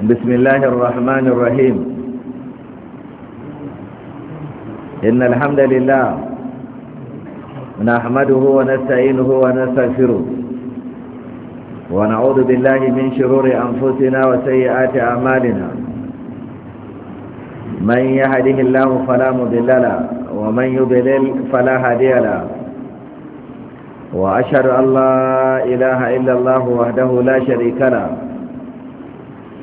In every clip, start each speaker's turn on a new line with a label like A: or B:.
A: بسم الله الرحمن الرحيم إن الحمد لله نحمده ونستعينه ونستغفره ونعوذ بالله من شرور أنفسنا وسيئات أعمالنا من يهده الله فلا مضل له ومن يضلل فلا هادي له وأشهد أن لا إله إلا الله وحده لا شريك له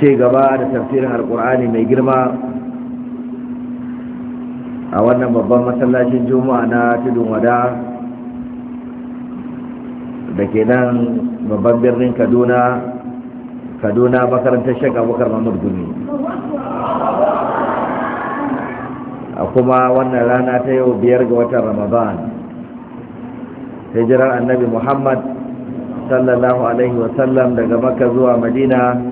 A: ce gaba da tafsirin alkur'ani mai girma a wannan babban masallacin juma'a na tudun wada da ke nan babban birnin kaduna kaduna makarantar shek abubakar mahmud gumi a kuma wannan rana ta yau biyar ga watan ramadan hijirar annabi muhammad sallallahu alaihi wasallam daga makka zuwa madina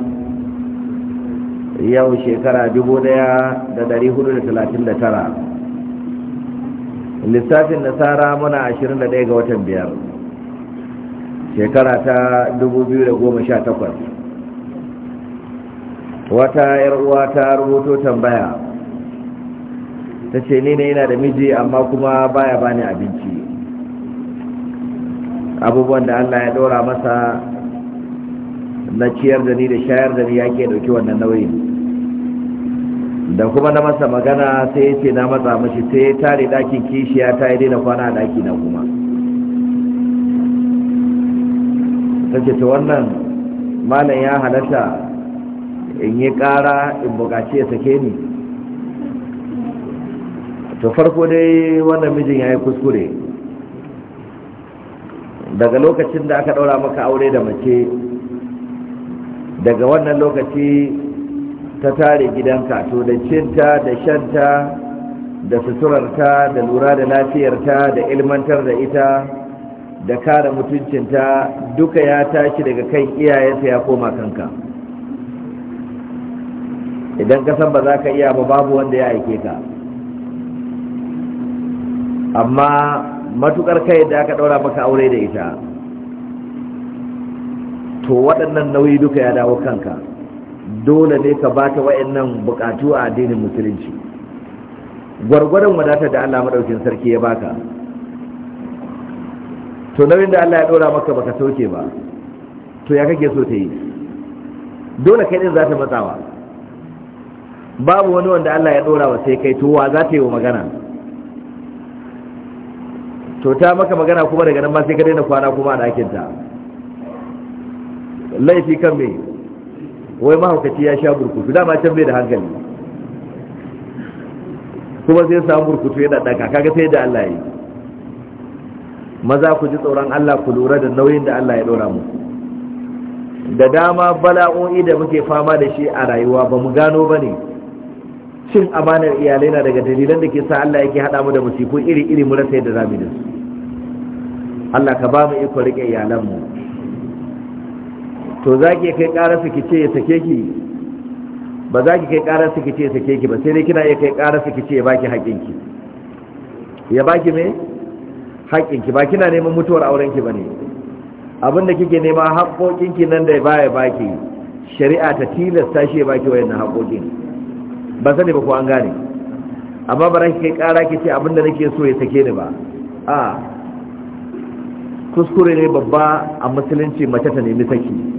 A: yau shekara 1439 lissafin nasara muna 21 ga watan biyar shekara ta 2018 wata yar'uwa ta rubuto tambaya ta ce ni ne yana da miji amma kuma baya bani abinci abubuwan da allah ya dora masa na ciyar da ni da shayar da ni yake dauki wannan nauyin da kuma na masa magana sai ya ce na matsa mashi sai ya tare ɗakin kishiya ta yi daina kwana a ɗaki na kuma ta ce ta wannan malam ya halatta in yi ƙara in bukaci ya sake ni to farko dai wannan mijin ya yi kuskure daga lokacin da aka ɗaura maka aure da mace daga wannan lokaci ta tare gidanka to da cinta da shanta da suturarta da lura da lafiyarta da ilmantar da ita da kare mutuncinta duka ya tashi daga kan iyayenta ya koma kanka idan ka san ba za ka iya ba babu wanda ya aike ka amma matukar kai da aka daura maka aure da ita to waɗannan nauyi duka ya dawo kanka dole ne ka ba ta wa'annan bukatu a addinin musulunci gwargwaron wadata da Allah madaukin sarki ya baka to nauyin da Allah ya dora maka baka soke ba to ya kake so ta yi dole kai din za ta matsawa babu wani wanda Allah ya dora wa sai kai to wa za ta yi wa magana to ta maka magana kuma daga nan ma sai ka daina kwana kuma a ɗakinta laifi kan me wai mahaukaci ya sha burkutu dama can bai da hankali kuma sai samu burkutu yana ɗaka kaga sai da Allah ya yi maza ku ji tsoron Allah ku lura da nauyin da Allah ya ɗora mu da dama bala'o'i da muke fama da shi a rayuwa ba mu gano ba ne cin amanar iyalai na daga dalilan da ke sa Allah yake haɗa mu da musiku iri-iri mu rasa yadda zamu da su Allah ka ba mu iko riƙe iyalanmu to za ki kai ƙara ki ce ya sake ki ba za ki kai ƙara ki ce ya sake ki ba sai dai kina iya kai ƙara ki ce ya baki haƙƙinki ya baki me haƙƙinki ba kina neman mutuwar aurenki ba ne abinda kike nema haƙƙoƙinki nan da baya baki shari'a ta tilasta shi ya baki wayannan haƙƙoƙin ba sani ba ko an gane amma ba za ki kai ƙara ki ce abinda nake so ya sake ni ba a kuskure ne babba a musulunci mace ta nemi saki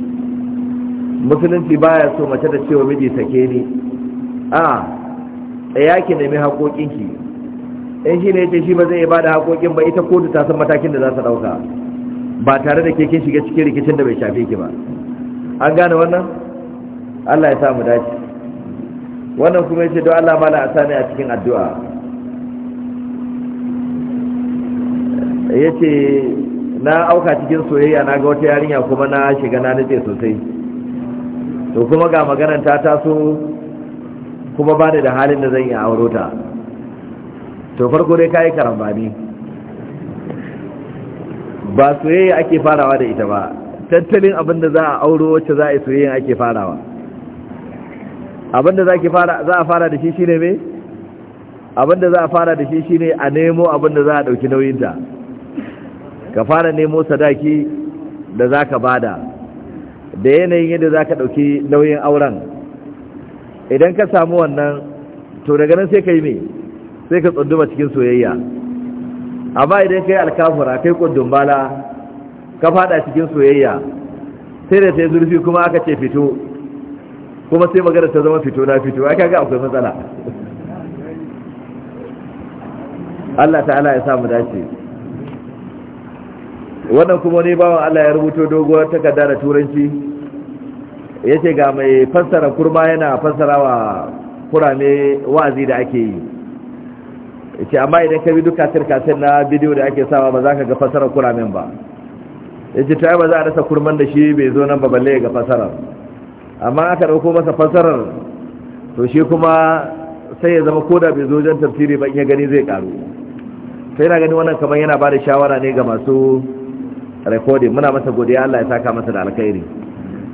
A: musulunci baya so mace da cewa miji sake ni a ya ki nemi haƙoƙinki in shi ne ya ce shi ba zai ba da haƙoƙin ba ita kotu ta san matakin da za ta ɗauka ba tare da ke kin shiga cikin rikicin da bai shafe ki ba an gane wannan Allah ya sa mu dace wannan kuma yace don Allah mala a sani a cikin addu'a yace na auka cikin soyayya na ga wata yarinya kuma na shiga na nutse sosai to kuma ga maganar ta taso kuma ba da halin da zan yi auro ta to farko dai yi karambani ba soyayya ake farawa da ita ba tattalin abin da za a auro wacce za a yi soyayya ake farawa abin da za a fara da shi shine me abin da za a fara da shi shine a nemo abin da za a dauki nauyinta ka fara nemo sadaki da za ka bada da yanayin yadda za ka ɗauki nauyin auren idan ka samu wannan to daga nan sai ka yi mai sai ka tsunduma cikin soyayya amma idan ka yi alkafura kai bala ka fada cikin soyayya sai da ta yi zurfi kuma aka ce fito kuma sai magana ta zama fito na fito aka ga akwai matsala Allah ta'ala ya samu dace wannan kuma ne bawan Allah ya rubuto doguwar takarda da turanci ya ce ga mai fassara kurma yana fassara wa kurame wazi da ake yi ce amma idan ka bi duk kasir-kasir na bidiyo da ake sawa ba za ka ga fasarar kuramen ba ya ce ta ba za a rasa kurman da shi bai zo nan ba balle ga fasarar amma aka ɗauko masa fasarar to shi kuma sai ya zama koda bai zo jan tafsiri ba ya gani zai karu sai na gani wannan kamar yana ba da shawara ne ga masu rikodin muna masa godiya allah ya saka masa da alkhairi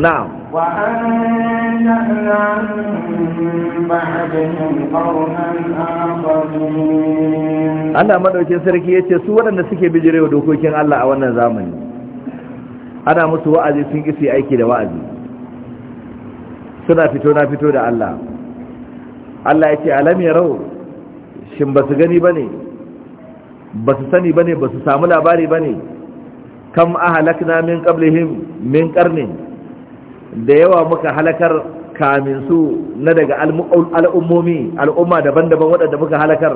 A: Now. madaukin sarki yace su waɗanda suke bijirewa dokokin Allah a wannan zamani ana musu wa'azi sun kisi aiki da wa'azi suna fito na fito da Allah Allah yace alam yarau shin basu gani bane ba su sani ba ne ba su samu labari ba ne kam a halakna min ƙablihim min da yawa muka halakar kamin su na daga al'ummomi al'umma daban-daban waɗanda muka halakar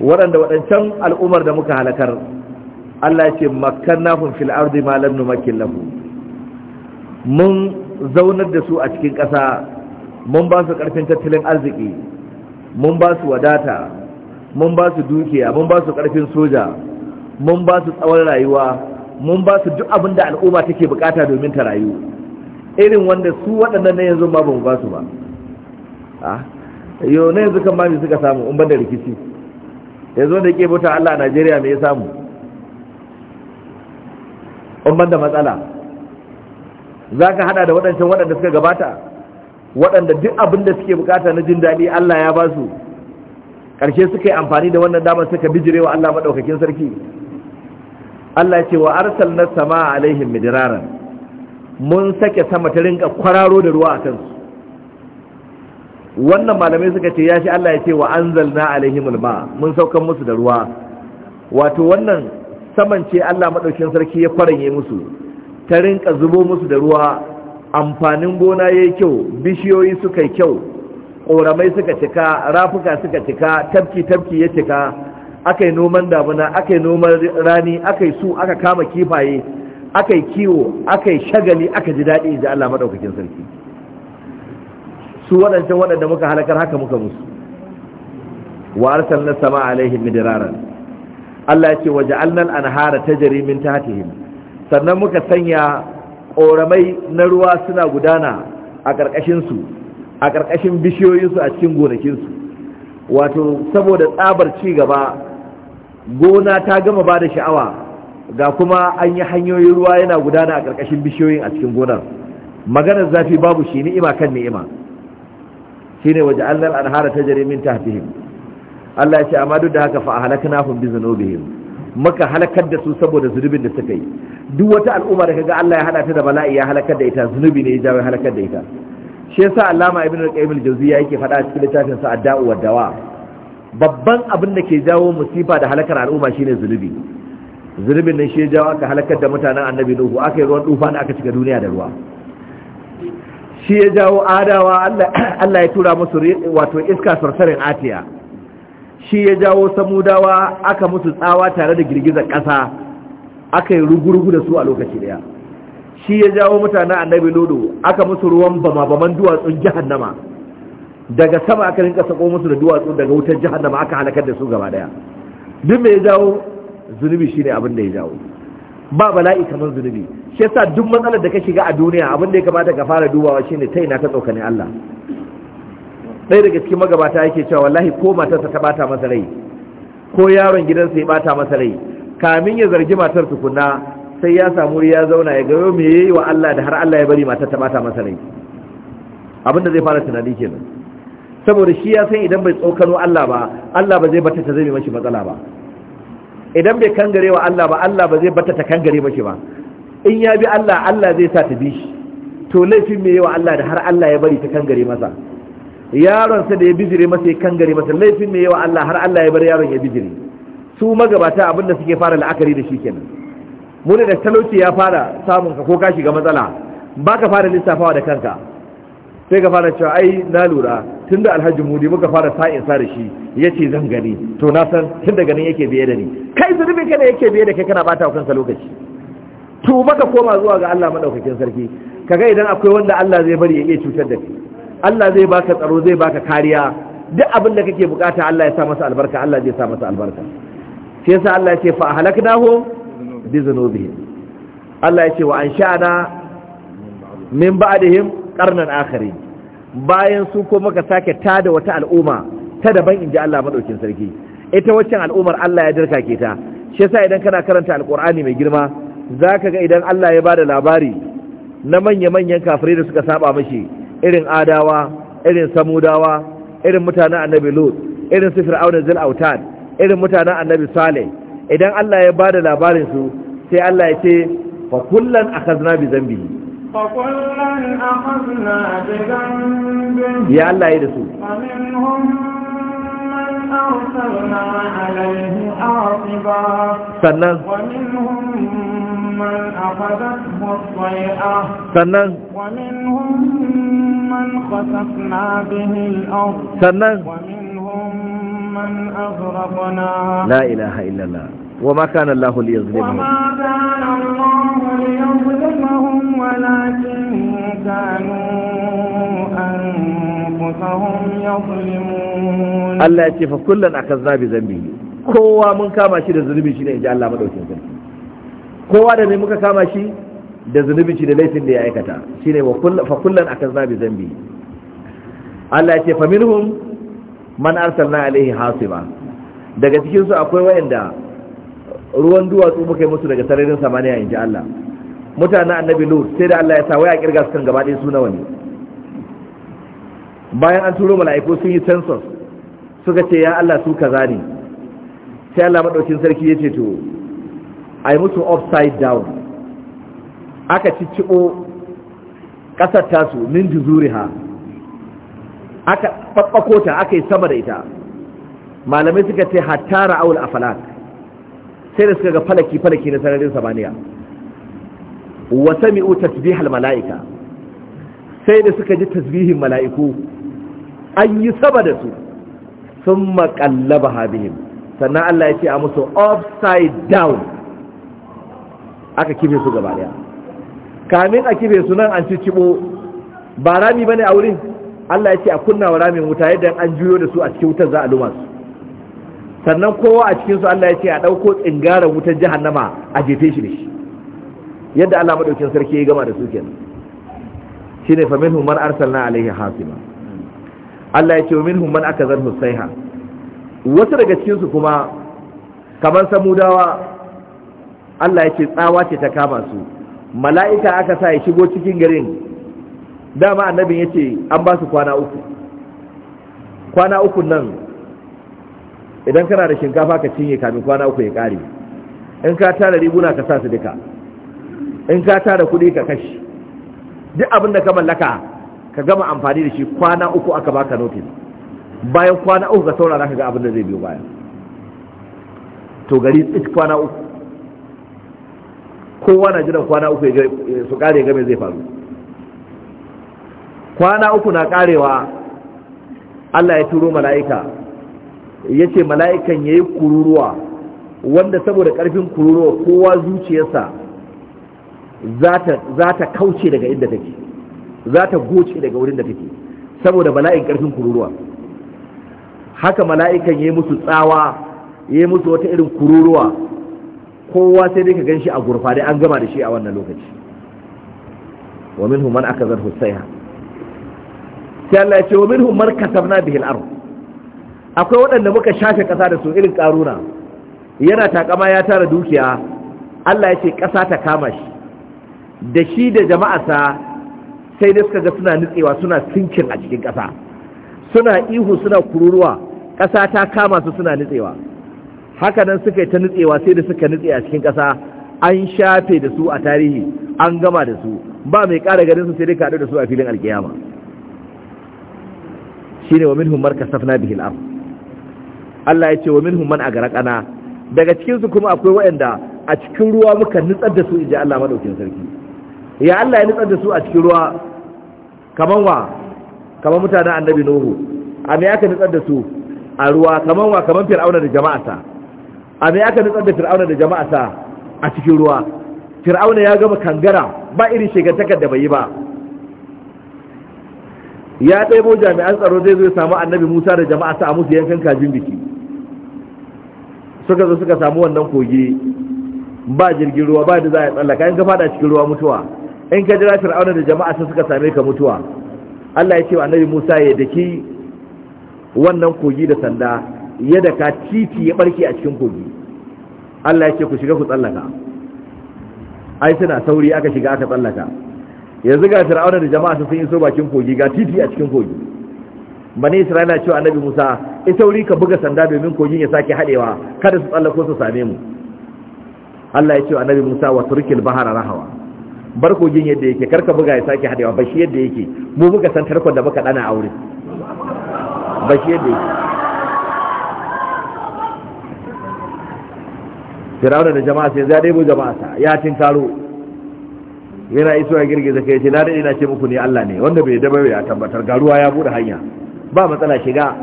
A: waɗanda waɗancan al'ummar da muka halakar Allah ce makkannahum fil ardi ma lam numakkin lafu mun zaunar da su a cikin ƙasa mun ba su ƙarfin tattalin arziki mun ba su wadata mun ba su dukiya mun ba su karfin soja mun ba su tsawon rayuwa mun ba su duk abin da al'umma take bukata domin ta rayu irin wanda su waɗannan na yanzu ba mu ba su ba ah, yau na yanzu kan mai suka samu in da rikici yanzu wanda ke bauta Allah a Najeriya me ya samu in da matsala za ka hada da waɗancan waɗanda suka gabata waɗanda duk abin da suke bukata na jin daɗi Allah ya ba su karshe suka yi amfani da wannan damar suka wa Allah madaukakin sarki Allah ce wa arsalna samaa alaihim midraran mun sake sama ta rinka kwararo da ruwa a kansu wannan malamai suka ce ya shi Allah ya ce wa anzalna alaihim alma mun saukan musu da ruwa wato wannan saman ce Allah madaukakin sarki ya kwaranye musu ta rinka zubo musu da ruwa amfanin gona yayi kyau bishiyoyi suka yi kyau ƙoramai suka cika rafuka suka cika tafki-tafki ya cika aka yi noman damuna aka yi noman rani aka yi su aka kama kifaye aka yi kiwo aka yi shagali aka ji daɗi da Allah maɗaukakin sarki su waɗancan waɗanda muka halakar haka muka musu wa na sama alaihim midiraran Allah ya ce wa ja'alnal anhara tajri min tahtihim sannan muka sanya ƙoramai na ruwa suna gudana a ƙarƙashin su a ƙarƙashin bishiyoyinsu a cikin gonakinsu wato saboda tsabar cigaba, gona ta gama ba da sha'awa ga kuma an yi hanyoyin ruwa yana gudana a ƙarƙashin bishiyoyin a cikin gonar maganar zafi babu shi ni'ima kan ni'ima shi ne waje allar anhara ta jari min tahtihim Allah ya ce amma duk da haka fa ahlaknahum bi dhunubihim Maka halakar da su saboda zunubin da suka yi duk wata al'umma da kaga Allah ya hada ta da bala'i ya halakar da ita zunubi ne ya jawo halakar da ita shi yasa allama ibn al-qayyim al-jawziyya yake faɗa a cikin littafin sa ad-da'u wa dawa babban abin da ke jawo musifa da halakar al'umma shine zulubi zulubin nan shi ya jawo aka halakar da mutanen annabi nuhu aka yi ruwan tufa da aka cika duniya da ruwa shi ya jawo adawa Allah ya tura musu wato iska sarsarin atiya shi ya jawo samudawa aka musu tsawa tare da girgizar ƙasa aka yi rugurugu da su a lokaci daya shi ya jawo mutanen annabi lodo aka musu ruwan bama baman duwatsun jahannama daga sama aka rinka sako musu da duwatsu daga wutar jahannama aka halakar da su gaba daya duk mai ya jawo zunubi shine abin da ya jawo ba bala'i kamar zunubi shi yasa duk matsalar da ka shiga a duniya abin da ya kamata ka fara dubawa shine ta ina ka tsokane Allah ɗaya daga cikin magabata yake cewa wallahi ko matarsa ta bata masa rai ko yaron gidansa ya bata masa rai kamin ya zargi matar tukunna sai ya samu ya zauna ya gayo me yayi wa Allah da har Allah ya bari mata ta bata masa rai abinda zai fara tunani kenan saboda shi ya san idan bai tsokano Allah ba Allah ba zai bata ta zame mashi matsala ba idan bai kangare wa Allah ba Allah ba zai bata ta kangare mashi ba in ya bi Allah Allah zai sa ta bi shi to laifin me wa Allah da har Allah ya bari ta kangare masa yaron sa da ya bijire masa ya kangare masa laifin me wa Allah har Allah ya bar yaron ya bijire su magabata abinda suke fara la'akari da shi kenan muni da talauci ya fara samun ka ko ka shiga matsala ba ka fara lissafawa da kanka sai ka fara cewa ai na lura tun da alhaji mudi muka fara sa'in sa da shi ya ce zan gani to na san tun da ganin yake biye da ni kai zunubin ka ne yake biye da kai kana bata kansa lokaci to maka koma zuwa ga Allah madaukakin sarki Ka ga idan akwai wanda Allah zai bari ya iya cutar da kai Allah zai baka tsaro zai baka kariya duk abin da kake bukata Allah ya sa masa albarka Allah zai sa masa albarka sai sa Allah ya ce fa ahlaknahum bi Allah ya ce wa an sha'ana min ba'dihim qarnan akari bayan su ko muka sake tada wata al'umma ta daban inji Allah madaukin sarki ita waccan al'ummar Allah ya dirka ke ta shi yasa idan kana karanta alqur'ani mai girma zaka ga idan Allah ya bada labari na manya-manyan kafirai da suka saba mashi irin adawa irin samudawa irin mutanen annabi lut irin su fir'auna zil autad irin mutanen annabi saleh idan Allah ya bada labarin su sai Allah ya ce fa kullan akhazna bi dhanbihi
B: fa kullan akhazna bi dhanbihi ya Allah ya da su sannan sannan
A: sannan la ilaha illallah Wa Wa وما كان الله ليظلمهم
B: وما كان الله ليظلمهم ولكن كانوا أنفسهم يظلمون
A: الله يتي فكلا أخذنا بذنبه kowa mun kama shi da zunubi shine, ne in ji Allah madaukin sarki kowa da mai muka kama shi da zunubi shine laifin da ya aikata shine shi ne fa kullum akan zabi zambi Allah ya ce fa minhum man arsalna alaihi hasiba daga cikin su akwai wayanda ruwan duwatsu muka yi musu daga sararin samaniya in ji Allah mutanen annabi lut sai da Allah ya sa waya kirga su kan gaba ɗaya su nawa ne bayan an turo mala'iku sun yi census suka ce ya Allah su kaza ne sai Allah madaukin sarki ya ce to ai musu upside down aka ciccibo ƙasar tasu min juzuriha aka babbako ta aka yi sama da ita malamai suka ce hatara awul afalak sai da suka ga falaki falaki na sararin samaniya wa sami'u tasbihal mala'ika sai da suka ji tasbihin mala'iku an yi saba da su sun makallaba habihim sannan Allah ya ce a musu upside down aka kife su gaba daya kamin a kife su nan an ci cibo ba rami bane a wurin Allah ya ce a kunna wa ramin wuta yadda an juyo da su a cikin wutar za a luma sannan kowa a cikin su Allah ya ce a dauko tsingara wutar jahannama a jefe shi da shi yadda Allah madaukin sarki ya gama da su kenan shine fa minhum man arsalna alaihi hasima Allah ya ce minhum man zan husaiha wasu daga cikin su kuma kamar samudawa Allah ya ce tsawa ce ta kama su mala'ika aka sa ya shigo cikin garin dama annabin ya ce an ba su kwana uku kwana uku nan idan kana da shinkafa ka cinye kamin kwana uku ya kare in ka tara riguna ka sa su duka in ka tara kuɗi ka kashi duk abin da ka mallaka ka gama amfani da shi kwana uku aka baka notice bayan kwana uku ka saurara ka ga abin da zai biyo baya to gari tsit kwana uku kowa na jiran kwana uku su kare game zai faru kwana uku na karewa Allah ya turo mala'ika yace mala'ikan yayi kururuwa wanda saboda karfin kururuwa kowa zuciyarsa za ta kauce daga inda take za ta goce daga wurin da take saboda bala'in karfin kururuwa haka mala'ikan yayi musu tsawa yayi musu wata irin kururuwa kowa sai dai ka ganshi a gurfa dai an gama da shi a wannan lokaci wa minhum man akazar husayha sai Allah ya ce wa minhum man kasabna bihil ardh akwai waɗanda muka shafe ƙasa da su irin ƙaruna yana takama ya tara dukiya Allah ya ce ƙasa ta kama shi da shi da jama'arsa sai da suka ga suna nutsewa suna sinkin a cikin ƙasa suna ihu suna kururuwa ƙasa ta kama su suna nutsewa haka nan suka yi ta nutsewa sai da suka nutse a cikin ƙasa an shafe da su a tarihi an gama da su ba mai ƙara ganin su sai dai kaɗu da su a filin alkiyama shine wa minhum markasafna bihi bihil ardh Allah ya ce wa minhum man agarqana daga cikin su kuma akwai waɗanda a cikin ruwa muka nutsar da su inji Allah madaukin sarki ya Allah ya nutsar da su a cikin ruwa kaman wa kaman mutanen annabi nuhu a me aka nutsar da su a ruwa kaman wa kaman fir'auna da jama'ata a me aka nutsar da fir'auna da sa a cikin ruwa fir'auna ya gama kangara ba irin shegantakar da bai yi ba ya ɗaibo jami'an tsaro zai zo ya samu annabi musa da jama'a sa a musu yankan kajin biki suka zo suka samu wannan kogi ba jirgin ruwa ba da za a tsallaka in ka fada cikin ruwa mutuwa in ka jira fir'auna da jama'a sai suka same ka mutuwa Allah ya ce wa annabi Musa ya daki wannan kogi da sanda ya daka titi ya barke a cikin kogi Allah ya ce ku shiga ku tsallaka ai suna sauri aka shiga aka tsallaka yanzu ga fir'auna da jama'a sun iso bakin kogi ga titi a cikin kogi bani isra'ila cewa annabi musa ya sauri ka buga sanda domin kogin ya sake haɗewa kada su tsallako su same mu allah ya ce annabi musa wa turkil bahara rahawa bar kogin yadda yake karka buga ya sake haɗewa ba shi yadda yake mu buga san tarkon da muka ɗana aure ba shi yadda yake firawuna da jama'a sai zai ɗebo jama'a sa ya tinkaro yana isuwa ya girgiza kai ce na daɗe na ce muku ne allah ne wanda bai dabe ya tabbatar garuwa ya buɗe hanya ba matsala shiga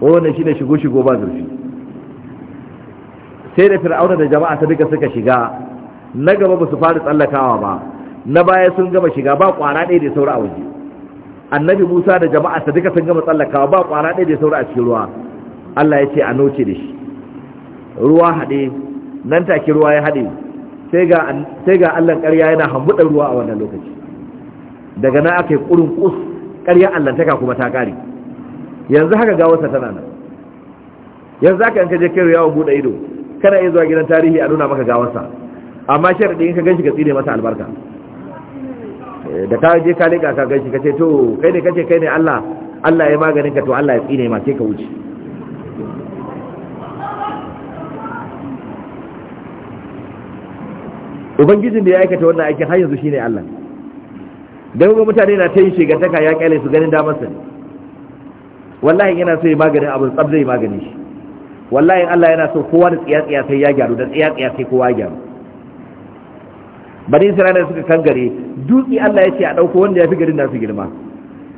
A: wannan shi ne shigo-shigo ba zurfi sai da fir'auna da jama'a ta duka suka shiga na gaba ba su fara tsallakawa ba na baya sun gama shiga ba kwara ɗaya da saura a waje annabi musa da jama'a ta duka sun gama tsallakawa ba kwara ɗaya da saura a cikin ruwa allah ya ce a noce da shi ruwa haɗe nan take ruwa ya haɗe sai ga allan ƙarya yana hambuɗar ruwa a wannan lokaci daga na aka yi ƙurin ƙus ƙarya allantaka kuma ta ƙare yanzu haka gawarsa tana nan yanzu haka in ka je kai yawon buɗe ido kana iya zuwa gidan tarihi a nuna maka gawarsa amma sharaɗi in ka ganshi ka tsine masa albarka eh, da ka je ka leƙa ka ganshi ka ce to kai ne kace kai ne Allah Allah ya maganin ka to Allah ya tsine ma sai ka wuce ubangijin da ya aikata wannan aikin har yanzu shine Allah don ga mutane na ta yi ta ya kyale su ganin damar sa ne wallahi yana so ya magani abu tsab zai magani shi wallahi Allah yana so kowa da tsiya tsiya sai ya gyaru da tsiya tsiya sai kowa ya gyaru bani isra'ila suka kangare dutse Allah ya ce a dauko wanda ya fi garin nasu girma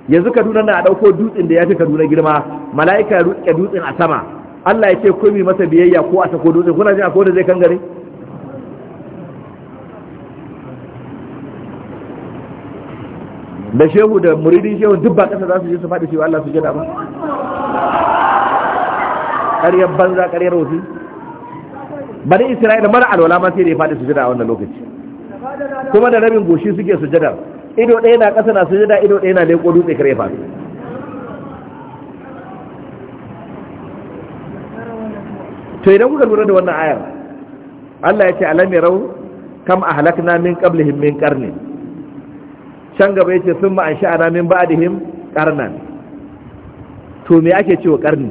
A: yanzu Kaduna na a dauko dutsen da ya fi Kaduna girma mala'ika ya dutsen a sama Allah ya ce ku masa biyayya ko a sako dutsen kuna jin akwai da zai kangare da shehu da muridin shehu duk ba kasa za su je su faɗi cewa Allah su jada ba ƙaryar banza ƙaryar wofi bani isra'ila mara alwala ma sai da ya faɗi su jada a wannan lokaci kuma da rabin goshi suke su jada ido ɗaya na ƙasa na su jada ido ɗaya na leƙo dutse kare faɗi to idan kuka lura da wannan ayar Allah ya ce alam rau kam ahlakna min qablihim min qarnin can gaba yace sun ma an sha'ana min ba'dihim qarnan to me ake cewa qarni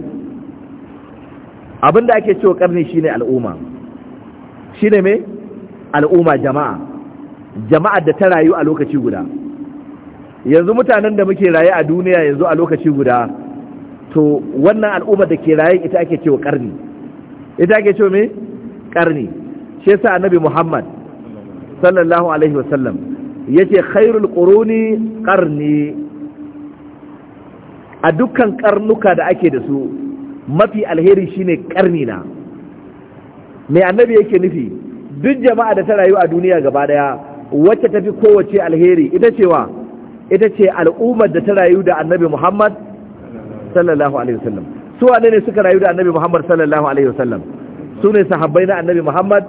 A: abinda ake cewa qarni shine al'umma shine me al'umma jama'a Jama'a da ta rayu a lokaci guda yanzu mutanen da muke raye a duniya yanzu a lokaci guda to wannan al'ummar da ke raye ita ake cewa karni ita ake cewa me karni shi yasa annabi Muhammad sallallahu alaihi wasallam yace khairul quruni qarni a dukkan karnuka da ake da su mafi alheri shine karni na mai annabi yake nufi duk jama'a da ta rayu a duniya gaba daya wacce ta fi kowace alheri ita cewa ita ce al'ummar da ta rayu da annabi muhammad sallallahu alaihi wasallam su wane ne suka rayu da annabi muhammad sallallahu alaihi wasallam su ne sahabbai na annabi muhammad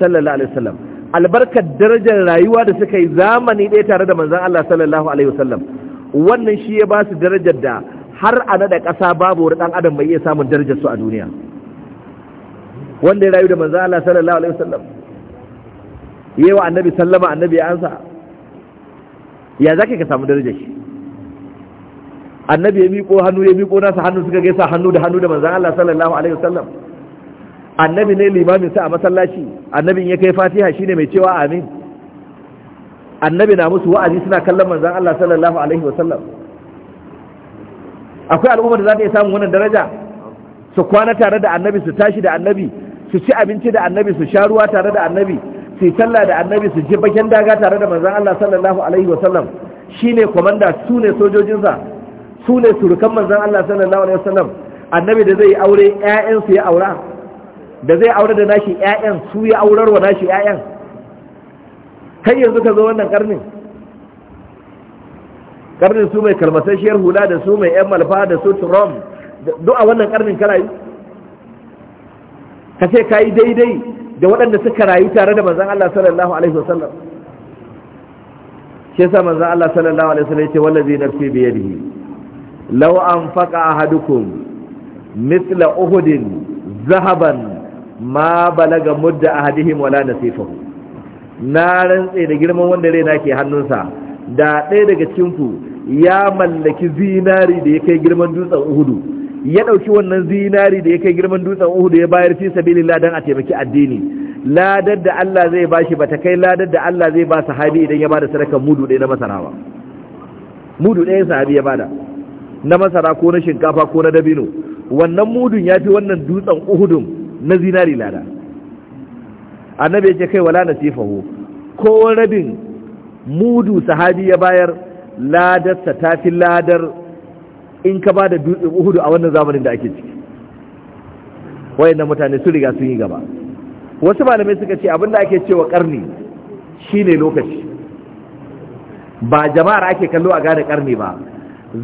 A: sallallahu alaihi wasallam albarkar darajar rayuwa da suka yi zamani ɗaya tare da manzan Allah sallallahu alaihi wasallam wannan shi ya ba su darajar da har a nada ƙasa babu wani ɗan adam mai iya samun darajar su a duniya wanda ya rayu da manzan Allah sallallahu alaihi wasallam yi wa annabi sallama annabi ya ansa ya zaka ka samu darajar shi annabi ya miƙo hannu ya miƙo nasa hannu suka gaisa hannu da hannu da manzan Allah sallallahu alaihi wasallam annabi ne limamin sa a masallaci annabin ya kai fatiha shine mai cewa amin annabi na musu wa'azi suna kallon manzon Allah sallallahu alaihi wasallam akwai al'ummar da za ta iya samun wannan daraja su kwana tare da annabi su tashi da annabi su ci abinci da annabi su sha ruwa tare da annabi su yi sallah da annabi su ji bakin daga tare da manzon Allah sallallahu alaihi wasallam shine komanda su ne sojojin sa su ne surukan manzon Allah sallallahu alaihi wasallam annabi da zai aure ƴaƴansu ya aura da zai aure da nashi ƴaƴan su ya aurar wa nashi ƴaƴan kai yanzu ka zo wannan karnin karnin su mai kalmasashiyar hula da su mai ƴan malfa da su trom duk a wannan karnin ka rayu ka ce ka yi daidai da waɗanda suka rayu tare da manzan Allah sallallahu alaihi wasallam shi yasa manzan Allah sallallahu alaihi wasallam yace wallazi nafsi bi yadihi law anfaqa ahadukum mithla uhudin zahaban ma balaga mudda ahadihim wala nasifahu na rantse da girman wanda raina ke hannunsa da ɗaya daga cikin ku ya mallaki zinari da ya kai girman dutsen uhudu ya ɗauki wannan zinari da ya kai girman dutsen uhudu ya bayar fi sabilillah dan a taimaki addini ladar da Allah zai bashi bata kai ladar da Allah zai ba sahabi idan ya bada sadakar mudu ɗaya na masarawa. mudu ɗaya sahabi ya bada na masara ko na shinkafa ko na dabino wannan mudun ya fi wannan dutsen uhudun na zinari lada annabi ya ce kai wala nasifahu ko rabin mudu sahabi ya bayar ladarsa ta fi ladar in ka ba da dutsen uhudu a wannan zamanin da ake ciki wayannan mutane su riga sun yi gaba wasu malamai suka ce abinda ake cewa karni shine lokaci ba jama'ar ake kallo a gane karni ba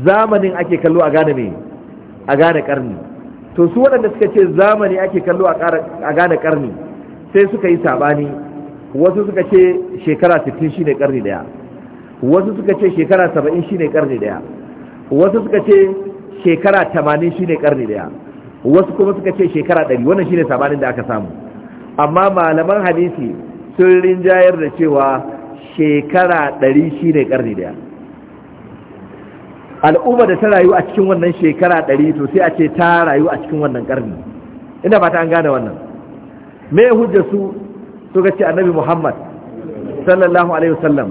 A: zamanin ake kallo a gane me a gane karni to su waɗanda suka ce zamani ake kallo a gane ƙarni sai suka yi saɓani wasu suka ce shekara 60 shine ƙarni daya wasu suka ce shekara 70 shine ƙarni daya wasu suka ce shekara 80 shine ƙarni daya wasu kuma suka ce shekara 100 wannan shine saɓanin da aka samu amma malaman hadisi sun rinjayar da cewa shekara 100 shine ƙarni daya al'umma da ta rayu a cikin wannan shekara ɗari to sai a ce ta rayu a cikin wannan ƙarni ina ba ta an gane wannan me hujja su suka ce annabi muhammad sallallahu alaihi wasallam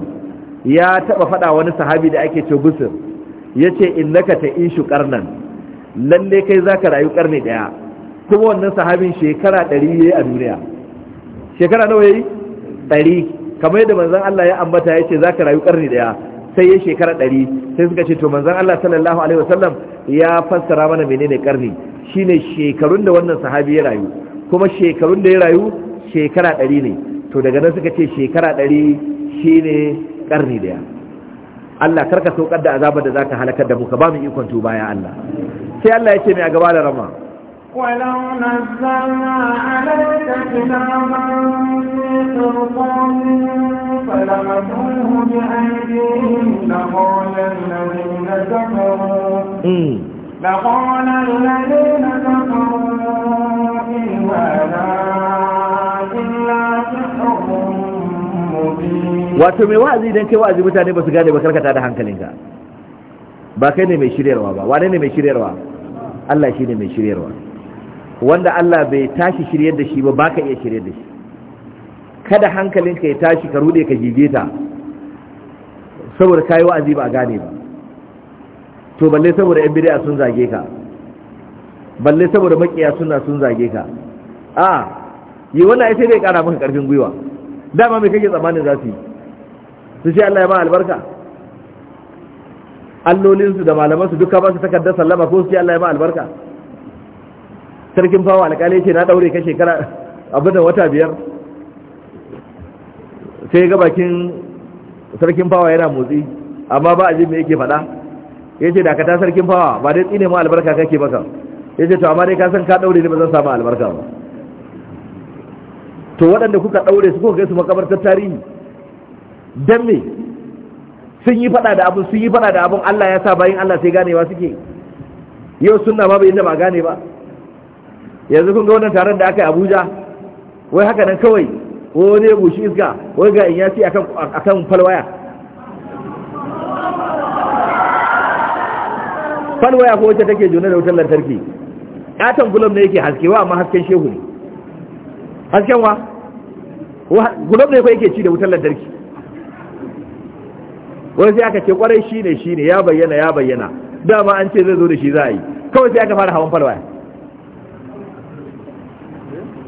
A: ya taɓa faɗa wani sahabi da ake ce busir ya ce innaka ta ishu ƙarnan lalle kai za ka rayu ƙarni ɗaya kuma wannan sahabin shekara ɗari ya yi a duniya shekara nawa ya yi ɗari kamar yadda manzan allah ya ambata ya ce za ka rayu ƙarni ɗaya sai ya shekara ɗari sai suka ce to manzan Allah sallallahu alaihi wasallam ya fassara mana menene karni shine shekarun da wannan sahabi ya rayu kuma shekarun da ya rayu shekara ɗari ne to daga nan suka ce shekara ɗari shine karni daya Allah karka saukar da azabar da za ka halakar da mu ka ba mu ikon tuba ya Allah sai Allah ya ce mai a gaba da rama
B: ولو نزلنا عليك كتابا في قرطان فلمسوه بأيديهم لقال الذين كفروا لقال الذين كفروا إن هذا
A: wato mai wa'azi idan kai wa'azi mutane ba su gane ba karkata da hankalinka ba kai ne mai shiryarwa ba wane ne mai shiryarwa Allah shi ne mai shiryarwa wanda Allah bai tashi shiryar da shi ba ba ka iya shiryar da shi kada hankalinka ya tashi ka rude ka jije ta saboda kayi wa'azi ba a gane ba to balle saboda yan bidiya sun zage ka balle saboda makiya suna sun zage ka a yi wannan ai sai dai kara maka karfin gwiwa dama me kake tsammanin za su yi su ce Allah ya ba albarka allolinsu da malamansu duka ba su takardar sallama ko su ce Allah ya ba albarka sarkin fawa alƙali ce na ɗaure ka shekara abin da wata biyar sai ga bakin sarkin fawa yana motsi amma ba a ji me yake faɗa ya ce da ta sarkin fawa ba dai tsine ma albarka kake baka ya ce to amma dai ka san ka ɗaure ne ba zan samu albarka ba to waɗanda kuka ɗaure su kuka kai su makabartar tarihi don me sun yi faɗa da abin sun yi faɗa da abin Allah ya sa bayan Allah sai ganewa suke yau sunna ma bai inda ba gane ba yanzu kun ga wannan taron da aka yi abuja wai haka nan kawai wani ya bushi iska wai ga in ya ce akan falwaya falwaya ko wacce take juna da wutar lantarki katon gulab ne yake haskewa amma hasken shehu ne hasken wa gulab ne ko yake ci da wutar lantarki wani sai aka ce kwarai shine shine ya bayyana ya bayyana dama an ce zai zo da shi za a yi kawai sai aka fara hawan falwaya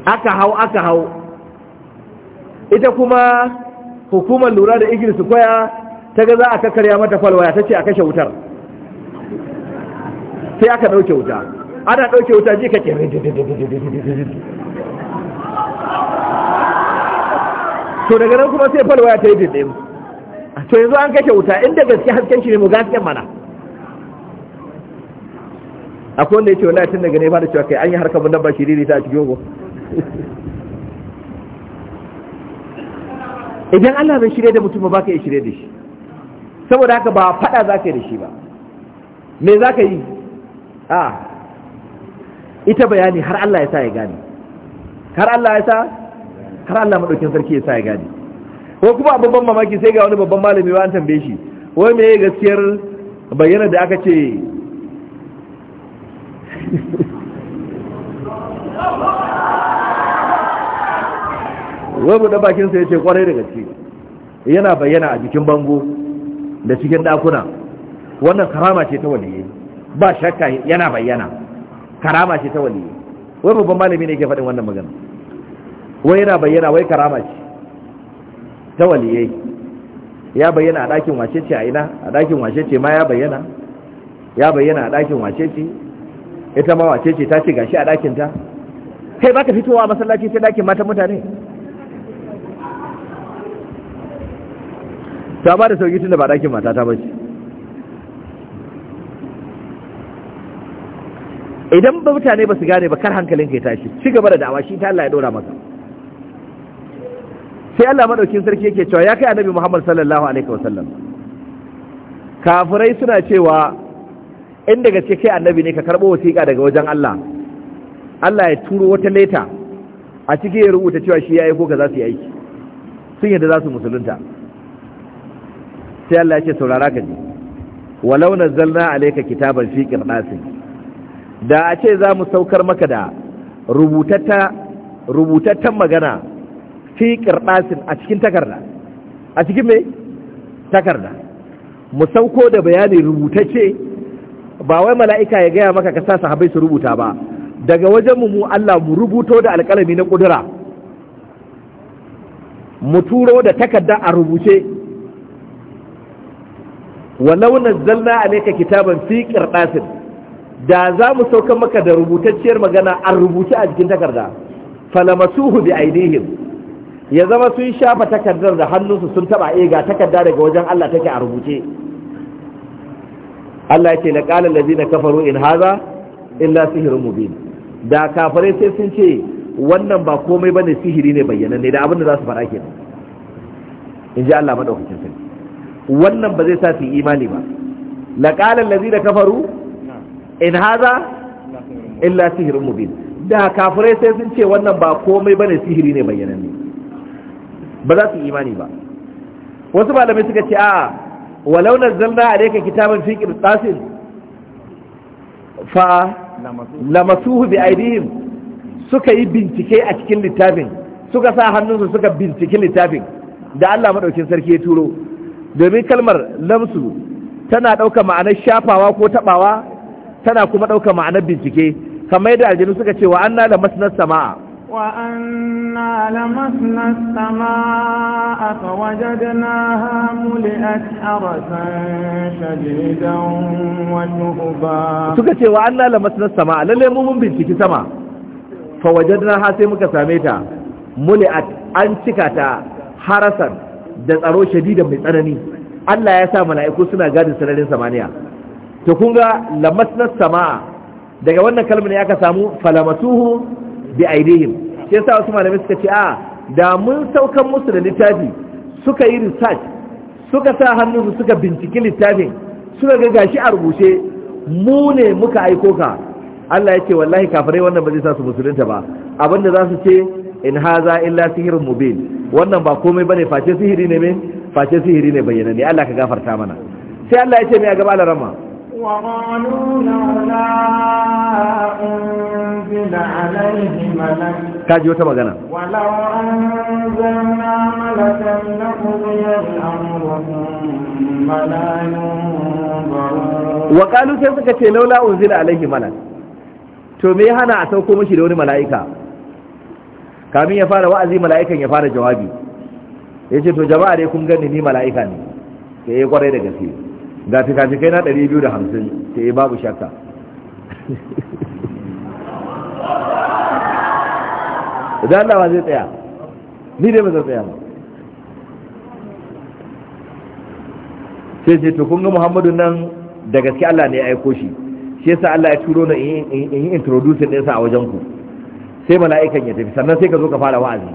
A: aka hau aka hau ita kuma hukumar lura da igil su koya ta ga za a kakarya mata falwaya ta ce a kashe wutar sai aka ɗauke wuta ana ɗauke wuta ji kake to daga nan kuma sai falwaya ta yi dindin to yanzu an kashe wuta inda gaske hasken shi ne mu gasken mana akwai wanda ya ce wani tun daga ne ba da cewa kai an yi harkar bundan ba shiriri ta a cikin gogo idan Allah bai shirye da mutum ba ka yi shirye da shi saboda haka ba fada za ka yi da shi ba me za ka yi a ita bayani har Allah ya sa ya gani har Allah ya sa har Allah maɗaukin sarki ya sa ya gani ko kuma babban mamaki sai ga wani babban malami wa an tambaye shi wai me gaskiyar bayyana da aka ce wai buɗe bakinsa ya ce kwarai da gaske yana bayyana a jikin bango da cikin ɗakuna wannan karama ce ta waliye ba shakka yana bayyana karama ce ta waliye wai babban malami ne ke faɗin wannan magana wai yana bayyana wai karama ce ta waliye ya bayyana a ɗakin wace ce a ina a ɗakin wace ce ma ya bayyana ya bayyana a ɗakin wace ce ita ma wace ce ta ce gashi a ɗakinta kai ba ka fitowa a masallaci sai ɗakin mata mutane ta ba da sauki tunda ba ɗakin matata ba ce idan ba mutane ba su gane ba kar hankalin ka ya tashi ci gaba da dawa shi ta Allah ya dora maka sai Allah madaukin sarki yake cewa ya kai annabi Muhammad sallallahu alaihi wasallam kafirai suna cewa in daga ce kai annabi ne ka karbo wasiƙa daga wajen Allah Allah ya turo wata leta a cikin ya rubuta cewa shi ya aiko ka za su yi aiki sun yadda za su musulunta sai Allah ya ce saurara ka ji walau nazzalna alayka kitaban fi qirnasin da a ce za mu saukar maka da rubutattan magana fi qirnasin a cikin takarda a cikin me takarda mu sauko da bayani rubutacce ba wai mala'ika ya gaya maka ka sa sahabbai su rubuta ba daga wajen mu Allah mu rubuto da alƙalami na ƙudura mu turo da takarda a rubuce walau nazzalna alayka kitaban fi qirdasin da za mu sauka maka da rubutacciyar magana an rubuce a jikin takarda falamasuhu bi aidihim ya zama sun shafa takardar da hannunsu sun taba eh, ga takarda daga wajen Allah take a rubuce Allah yake laqala allazina kafaru in hadha illa sihrun mubin da kafare sai sun ce wannan ba komai bane sihiri ne bayyana ne da abin da za su fara kenan in ji Allah madaukakin wannan ba zai sa su imani ba laqala allazina kafaru in hadha illa sihrun mubin da kafirai sai sun ce wannan ba komai bane sihiri ne ne. ba za su imani ba wasu malamai suka ce a walau nazzalna alayka kitaban fi qirtasin fa lamasuhu bi aidihim suka yi bincike a cikin littafin suka sa hannunsu suka bincike littafin da Allah madaukin sarki ya turo domin kalmar lamsu tana ɗauka ma'anar shafawa ko taɓawa tana kuma ɗauka ma'anar bincike kamar yadda aljanu suka ce wa an na lamasnar sama'a
B: wa an na sama'a fa wajadna ha muli'at shadidan uba suka
A: ce wa an na na sama'a lalle mu mun binciki sama fa na ha sai muka same ta muli'at an cika ta harasan da tsaro shadidan mai tsanani Allah ya sa mala'iku suna gadin sararin samaniya to kun ga lamasnas sama'a daga wannan kalmar ne aka samu falamasuhu bi aidihim sai sa wasu malamai suka ce a da mun saukan musu da littafi suka yi research suka sa hannunsu suka binciki littafin suka ga gashi a rubuce mu ne muka aiko ka Allah ya ce wallahi kafirai wannan ba zai sa su musulunta ba abinda za su ce in haza illa sihirun mubin wannan ba komai bane face sihiri ne me face sihiri ne bayyana ne Allah ka gafarta mana sai Allah ya ce me a gaba alarama ka ji wata magana wa kalu sai suka ce laula unzila alaihi malak to me hana a sauko mishi da wani mala'ika kamin ya fara wa'azi mala'ikan ya fara jawabi ya ce to jama'a dai kun gani ni mala'ika ne ta yi kwarai da gaske ga fikafikai na 250 ta yi babu shakka idan Allah ba zai tsaya ni dai ba zai tsaya ba sai ce to kun ga Muhammadu nan da gaske Allah ne ya aiko shi shi yasa Allah ya turo na in yi introduce ɗinsa a wajen ku sai mala'ikan ya tafi sannan sai ka zo ka fara wa'azi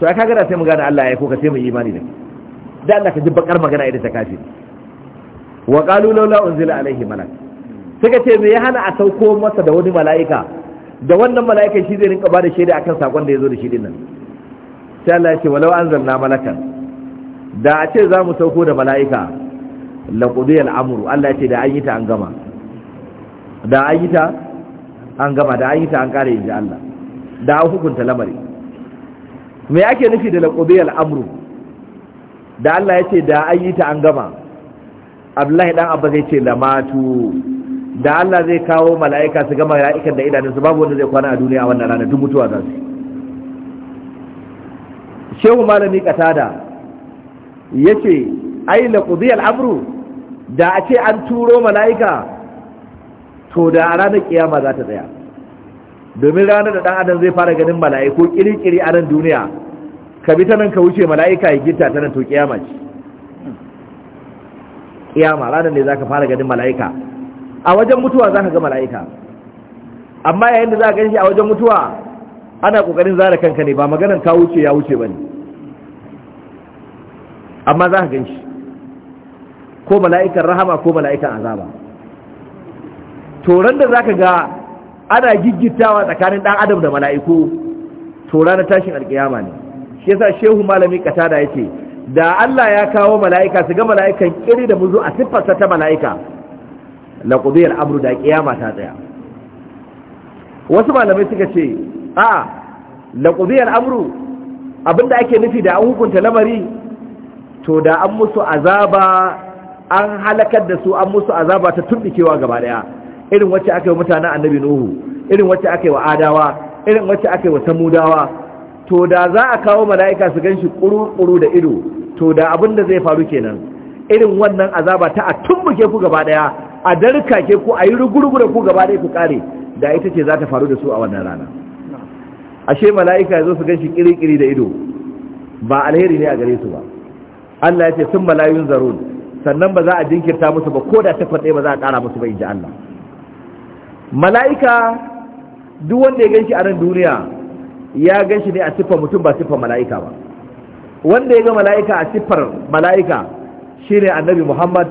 A: to ai kaga da sai mu gane Allah ya ko ka sai mu imani da da Allah ka ji bakar magana idan ta kafi wa qalu laula unzila alaihi malak suka ce me ya hana a sauko masa da wani mala'ika da wannan mala'ikan shi zai rinka bada shaida akan sakon da ya zo da shi din nan sai Allah ya ce walau anzalna malakan da a ce za mu sauko da mala'ika laqudiya al-amru Allah ya ce da an yi ta an gama da an yi ta an gama da an yi ta an kare inji Allah da an hukunta lamari me ake nufi da laƙobe Amru? da Allah ya ce da an yi ta an gama abdullahi dan abba zai ce lamatu da Allah zai kawo mala'ika su gama ra’ikan da idanunsu babu wanda zai kwana a duniya wannan rana duk mutuwa za su shehu malami katada ya ce ai laƙuzi amru da a ce an turo mala'ika to da a ranar ƙiyama za ta tsaya domin ranar da ɗan'adam adam zai fara ganin mala'iku kirkiri a nan duniya ka bi ta nan ka wuce mala'ika ya gita ta nan to kiyama ce kiyama ranar ne zaka fara ganin mala'ika a wajen mutuwa zaka ga mala'ika amma yayin da za ka shi a wajen mutuwa ana kokarin zara kanka ne ba maganan ka wuce ya wuce bane amma za ka gan shi ko mala'ikan rahama ko mala'ikan azaba to ran da za ka ga ana giggitawa tsakanin dan adam da mala'iku to ranar tashin alkiyama ne shi yasa shehu malami katada yake da Allah ya kawo mala'ika su ga mala'ikan kiri da muzu a siffarsa ta mala'ika la qudiyal amru da kiyama ta tsaya wasu malamai suka ce a la qudiyal amru abinda ake nufi da an hukunta lamari to da an musu azaba an halakar da su an musu azaba ta tumbikewa gaba daya irin wacce aka yi mutanen annabi nuhu irin wacce aka yi wa adawa irin wacce aka yi wa samudawa to da za a kawo mala'ika su gan shi ƙuru da ido to da abin da zai faru kenan irin wannan azaba ta a tumbuke ku gaba ɗaya a ke ku a yi rugurugu da ku gaba ɗaya ku ƙare da ita ce za ta faru da su a wannan rana ashe mala'ika ya zo su gan shi ƙiri-ƙiri da ido ba alheri ne a gare su ba Allah ya ce sun malayun zarun sannan ba za a jinkirta musu ba ko da ta faɗa ba za a ƙara musu ba in ji Allah mala'ika duk wanda ya ganshi a nan duniya ya ganshi ne a siffar mutum ba siffar mala'ika ba wanda ya ga mala'ika a siffar mala'ika shine annabi Muhammad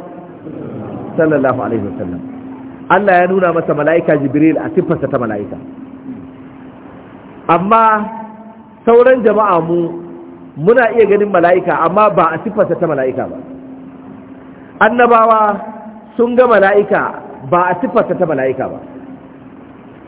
A: sallallahu alaihi wasallam Allah ya nuna masa mala'ika Jibril a siffarsa ta mala'ika amma sauran jama'a mu muna iya ganin mala'ika amma ba a siffarsa ta mala'ika ba annabawa sun ga mala'ika ba a siffarsa ta mala'ika ba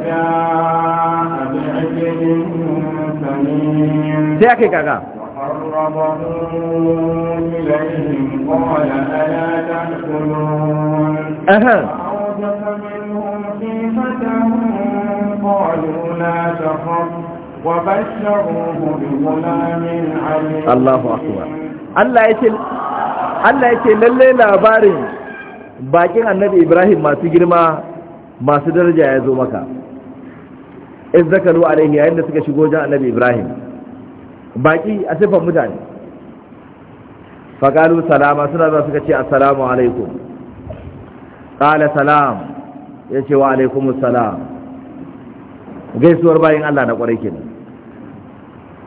B: sai ake kaga Allahu akbar
A: Allah yake Allah yake lalle labarin bakin Annabi Ibrahim masu girma masu daraja ya zo maka in zakaru alaihi yayin da suka shigo jan annabi ibrahim baki a siffar mutane faƙalu salama suna za suka ce assalamu alaikum ƙala salam ya ce wa alaikum salam gaisuwar bayan allah na ƙwarai kenan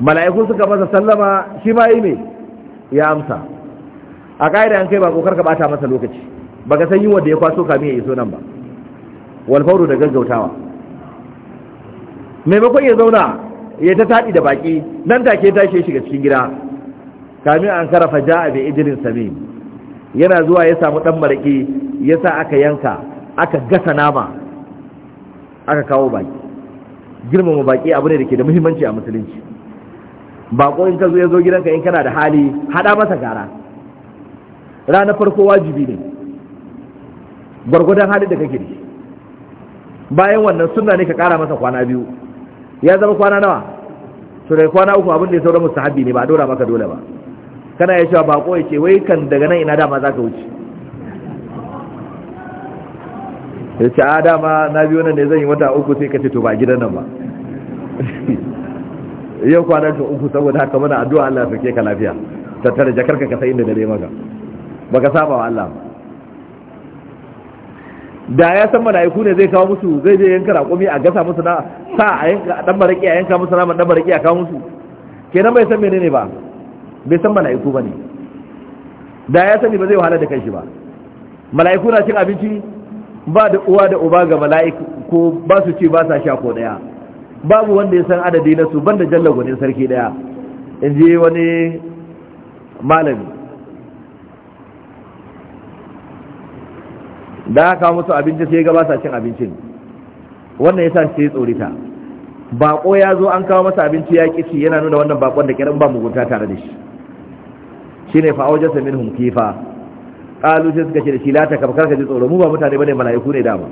A: mala'iku suka masa sallama shi ma yi mai ya amsa a ƙa'ida an kai ba kokar ka bata masa lokaci ba ka san yi wanda ya kwaso kamiya ya iso nan ba walfauru da gaggautawa maimakon ya zauna ya ta taɗi da baƙi nan take tashi shiga cikin gida kamin an karafa ja'a bai idirin sami yana zuwa ya samu ɗan maraƙi ya sa aka yanka aka gasa nama aka kawo baƙi girmama baƙi abu ne da ke da muhimmanci a musulunci baƙo in ka zo ya zo gidanka in kana da hali haɗa masa gara ranar farko wajibi ne gwargwadon hali da kake da bayan wannan sunna ne ka kara masa kwana biyu ya zama kwana nawa to kwana uku abin da ya saura mustahabi ne ba a dora maka dole ba kana ya cewa bako ya ce wai kan daga nan ina dama za ka wuce ya ce a dama na biyu nan ne zan yi wata uku sai ka ce to ba gidan nan ba yau kwanan ka uku saboda haka mana addu'a Allah ya sake ka lafiya tattara jakarka ka sai inda dare maka baka saba wa Allah ba da ya san mala'iku ne zai kawo musu zai je yanka raƙumi a gasa musu na sa a yanka a dan baraki a yanka musu naman dan baraki a kawo musu kenan bai san menene ba bai san mala'iku bane da ya sani ba zai wahala da kanshi ba mala'iku na cin abinci ba da uwa da uba ga mala'iku ko ba su ci ba sa sha ko daya babu wanda ya san adadi na su banda jallagwani sarki daya in je wani malami da aka musu abinci sai ga ba sa cin abincin wannan yasa sai tsorita bako ya zo an kawo masa abinci ya kici yana nuna wannan bakon da kiran ba mugunta tare da shi shine fa awjasa minhum kifa qalu sai suka ce da shi la ta kabkar ka ji tsoro mu ba mutane bane malaiku ne dama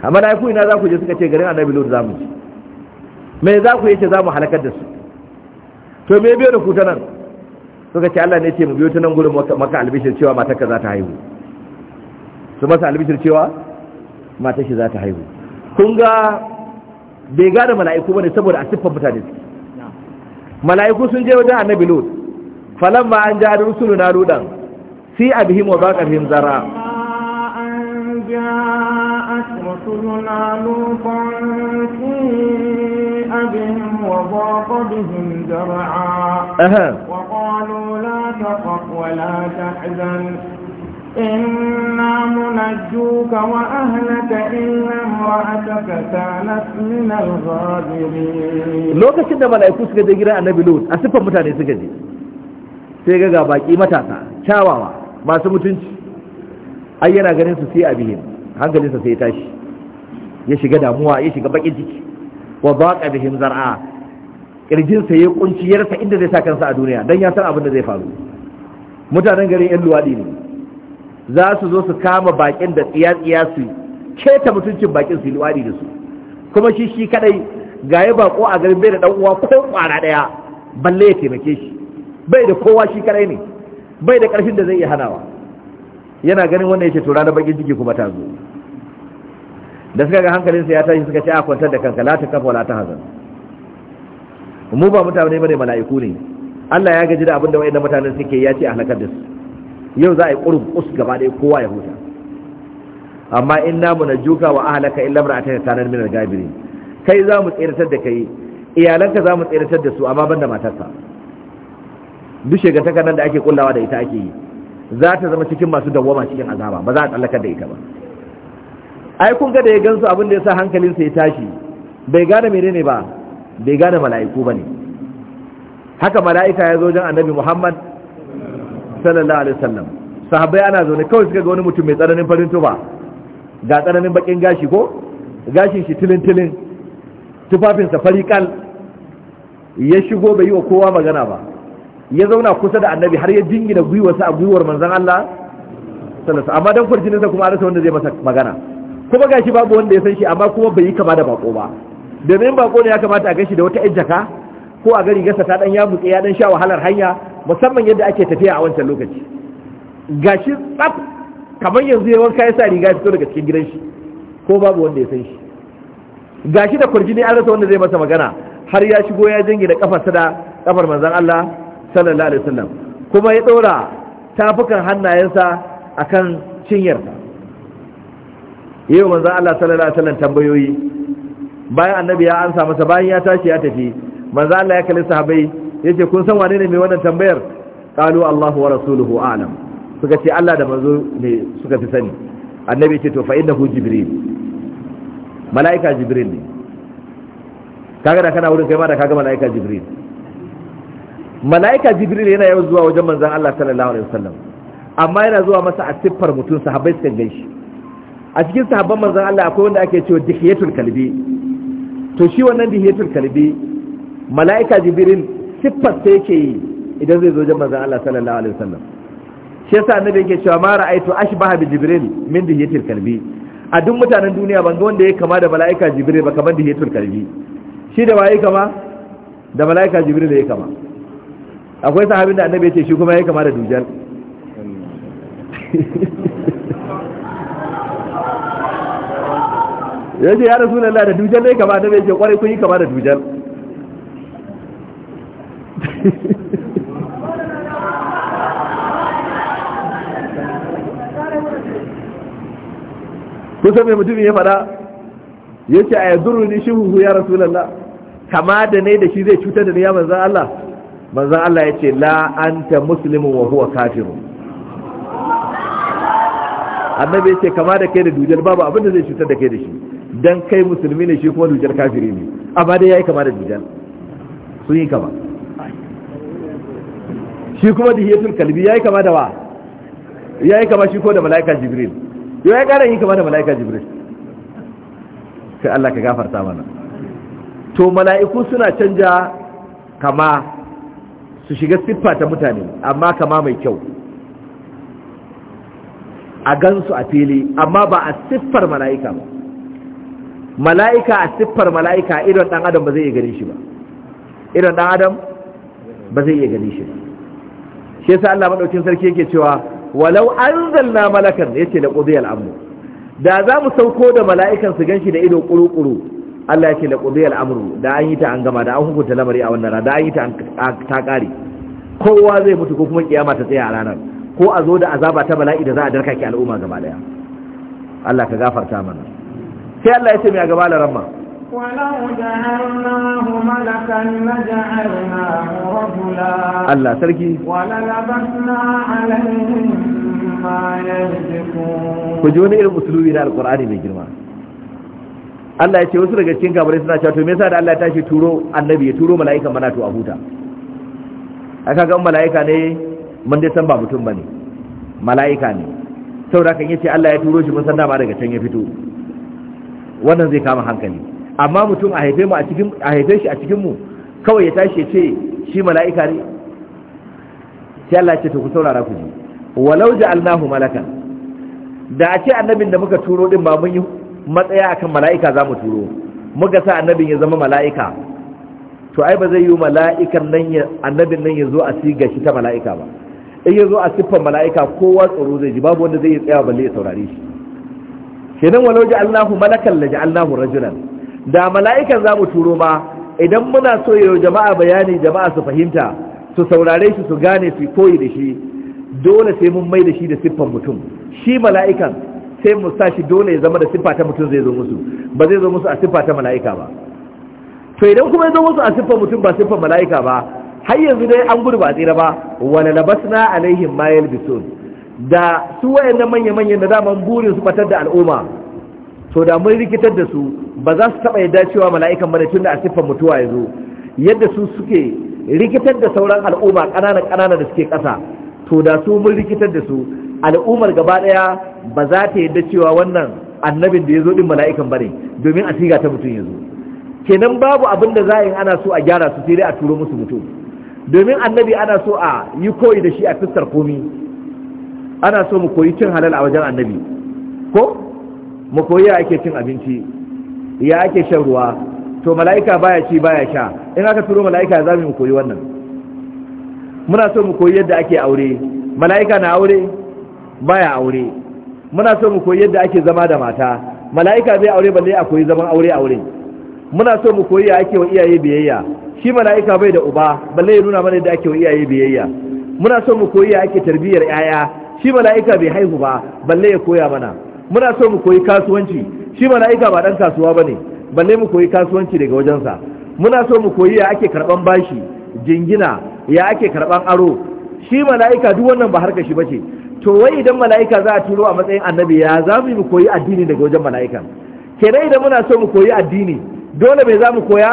A: a ku ina za ku je suka ce garin annabi lord zamu ci me za ku yace zamu halakar da su to me biyo da ku ta nan suka ce Allah ne ce mu biyo ta nan gurin maka albishir cewa matar ka za ta haihu su masa albishir cewa mata shi za ta haihu kun ga bai gada mala'iku bane saboda a siffar mutane
C: su
A: mala'iku sun je wajen annabi lut ma an ja da rusulu na Si a bihim wa baqahim zara
B: an wa zara wa qalu la taqaf wa ينجوك وأهلك إلا امرأتك كانت من الغابرين
A: لوكاشن da malaiku suka je gidan annabi lut a siffar mutane suka je sai ga ga baki matasa kyawawa masu mutunci ai yana ganin su sai abihin hankalinsa sai tashi ya shiga damuwa ya shiga bakin ciki wa baqa bihim zar'a kirjinsa ya kunci yarsa inda zai sa kansa a duniya dan ya san abin da zai faru mutanen garin yan luwadi ne za su zo su kama bakin da tsiya-tsiya su keta mutuncin bakin su liwari da su kuma shi shi kadai ga ya bako a garin bai da dan uwa ko kwara daya balle ya taimake shi bai da kowa shi kadai ne bai da karfin da zai iya hanawa yana ganin wannan yake to da bakin ciki kuma ta zo da suka ga hankalinsa ya tashi suka ce a kwantar da kanka la ta kafa la ta hazan mu ba mutane bane mala'iku ne Allah ya gaji da abin da wayannan mutanen suke ya ce a halakar da su yau za a yi ƙurum us gaba ɗaya kowa ya huta amma in namu na juka wa ahalaka in lamar a tana tanar minar gabiri kai za mu tsiratar da kai iyalanka za mu tsiratar da su amma ban da matarsa duk shekartakar nan da ake kullawa da ita ake yi za ta zama cikin masu dawwama cikin azaba ba za a tsallakar da ita ba ai kun ga da ya gansu abin da ya sa hankalinsa ya tashi bai gane menene ba bai gane mala'iku ba ne haka mala'ika ya zo wajen annabi muhammad sallallahu alaihi wasallam sahabbai ana zaune kawai suka ga wani mutum mai tsananin farin tuba ga tsananin bakin gashi ko gashin shi tilin tilin tufafinsa farikal ya shigo bai yi wa kowa magana ba ya zauna kusa da annabi har ya jingina gwiwarsa a gwiwar manzon Allah sallallahu amma dan sa kuma arsa wanda zai masa magana kuma gashi babu wanda ya san shi amma kuma bai yi kama da bako ba domin bako ne ya kamata a gashi da wata ƴan jaka ko a gari gasa ta dan ya mutse ya dan sha wahalar hanya musamman yadda ake tafiya a wancan lokaci gashi tsaf kamar yanzu ya wanka ya sa riga ya fito daga cikin gidan shi ko babu wanda ya san shi gashi da kwarjini an rasa wanda zai masa magana har ya shigo ya jingina kafarsa da kafar manzon Allah sallallahu alaihi wasallam kuma ya dora tafukan hannayensa akan cinyarsa yau manzon Allah sallallahu alaihi wasallam tambayoyi bayan annabi ya ansa masa bayan ya tashi ya tafi manzon Allah ya kalli sahabbai yace kun san wane ne mai wannan tambayar qalu Allahu wa rasuluhu a'lam suka ce Allah da manzo ne suka fi sani annabi ce to fa innahu jibril malaika jibril ne kaga da kana wurin kai ma da kaga malaika jibril malaika jibril yana yau zuwa wajen manzon Allah sallallahu alaihi wasallam amma yana zuwa masa a siffar mutum sahabbai suka ganshi a cikin sahabban manzon Allah akwai wanda ake cewa dihiyatul kalbi to shi wannan dihiyatul kalbi malaika jibril siffar sai yake yi idan zai zo jama'a Allah sallallahu alaihi wasallam shi yasa annabi yake cewa ma ra'aitu ashbaha bi jibril min dihiyatil kalbi a duk mutanen duniya ban ga wanda ya kama da mala'ika jibril ba kamar dihiyatul kalbi shi da waye kama da mala'ika jibril da ya kama akwai sahabin da annabi ya ce shi kuma ya kama da dujal ya ya rasulullahi da dujal ne kama annabi ya ce kwarai kun yi kama da dujal kusa mai mutumin ya fada ya ce a yanzu ni shi huhu ya rasulallah kama da ne da shi zai cutar da ni ya manzan Allah manzan Allah ya ce la'anta musulmin wa huwa kafiru annabi ya ce kama da kai da dujar babu abinda zai cutar da kai da shi dan kai musulmi ne shi kuma dujar kafiri ne amma dai yi kama da dujar sun yi kama shi kuma dihiyatul kalbi yayi kama da wa yayi kama shi ko da malaika jibril yau ya ƙara yi kama da malaika jibril sai Allah ka gafarta mana to mala'iku suna canja kama su shiga siffa ta mutane amma kama mai kyau a gansu a fili amma ba a siffar mala'ika ba mala'ika a siffar mala'ika idon ɗan adam ba zai iya gani shi ba idon ɗan adam ba zai iya gani shi ba shi yasa Allah madaukin sarki yake cewa walau anzalna malakan yace da qudi al-amr da za mu sauko da mala'ikan su ganshi da ido kurukuru Allah yake da qudi al-amr da an yi ta an gama da an hukunta lamari a wannan rana da an yi ta ta kare kowa zai mutu ko kuma kiyama ta tsaya a ranar ko a zo da azaba ta bala'i da za a darka ki al'umma gaba daya Allah ka gafarta mana sai Allah ya ce mai gaba da ramma
B: Allah Sarki. ku
A: ji wani irin سركي na alkur'ani mai girma Allah ya ce wasu daga cikin kamar suna cewa to me yasa da Allah ya tashi turo annabi ya turo mala'ika mana to a huta ai ga mala'ika ne mun dai san ba mutum bane mala'ika ne saboda kan yace Allah ya turo shi mun san da ba daga can ya fito wannan zai kama hankali amma mutum a haife mu a cikin a haife shi a cikin mu kawai ya tashi ya ce shi mala'ika ne sai Allah ce to ku saurara ku ji walau ja'alnahu malakan da a ce annabin da muka turo din ba mun yi matsaya akan mala'ika za mu turo muka sa annabin ya zama mala'ika to ai ba zai yi mala'ikan nan ya annabin nan ya zo a si shi ta mala'ika ba in ya zo a siffan mala'ika kowa tsoro zai ji babu wanda zai yi tsaya balle ya saurare shi kenan walau ja'alnahu malakan la ja'alnahu rajulan da mala'ikan za mu turo ma idan muna so yau jama'a bayani jama'a su fahimta su saurare shi su gane su koyi da shi dole sai mun mai da shi da siffan mutum shi mala'ikan sai mu sa shi dole ya zama da siffa ta mutum zai zo musu ba zai zo musu a siffa ta mala'ika ba to idan kuma ya zo musu a siffan mutum ba siffan mala'ika ba har yanzu dai an gudu ba a tsira ba wala labasna alaihim mayal bisun da su wayannan manya-manyan da daman burin su batar da al'umma so da mun rikitar da su ba za su taɓa yadda cewa mala'ikan bane tun a siffar mutuwa ya zo yadda su suke rikitar da sauran al'umma ƙananan ƙanana da suke ƙasa to da su mun rikitar da su al'ummar gaba ɗaya ba za ta yadda cewa wannan annabin da ya zo ɗin mala'ikan bane domin a siga ta mutum ya zo kenan babu abin da za a yi ana so a gyara su sai dai a turo musu mutum domin annabi ana so a yi koyi da shi a fuskar komi ana so mu koyi cin halal a wajen annabi ko mu koyi ya ake cin abinci ya ake shan ruwa to mala'ika baya ci baya sha in aka turo mala'ika za mu koyi wannan muna so mu koyi yadda ake aure mala'ika na aure baya aure muna so mu koyi yadda ake zama da mata mala'ika bai aure balle a koyi zaman aure aure muna so mu koyi ya ake wa iyaye biyayya shi mala'ika bai da uba balle ya nuna mana yadda ake wa iyaye biyayya muna so mu koyi ya ake tarbiyyar yaya shi mala'ika bai haihu ba balle ya koya mana muna so mu koyi kasuwanci shi mala'ika ba dan kasuwa bane balle mu koyi kasuwanci daga wajensa muna so mu koyi ya ake karban bashi jingina ya ake karban aro shi mala'ika duk wannan ba harka shi bace to wai idan mala'ika za a turo a matsayin annabi ya za mu koyi addini daga wajen mala'ikan kenan idan muna so mu koyi addini dole me za mu koya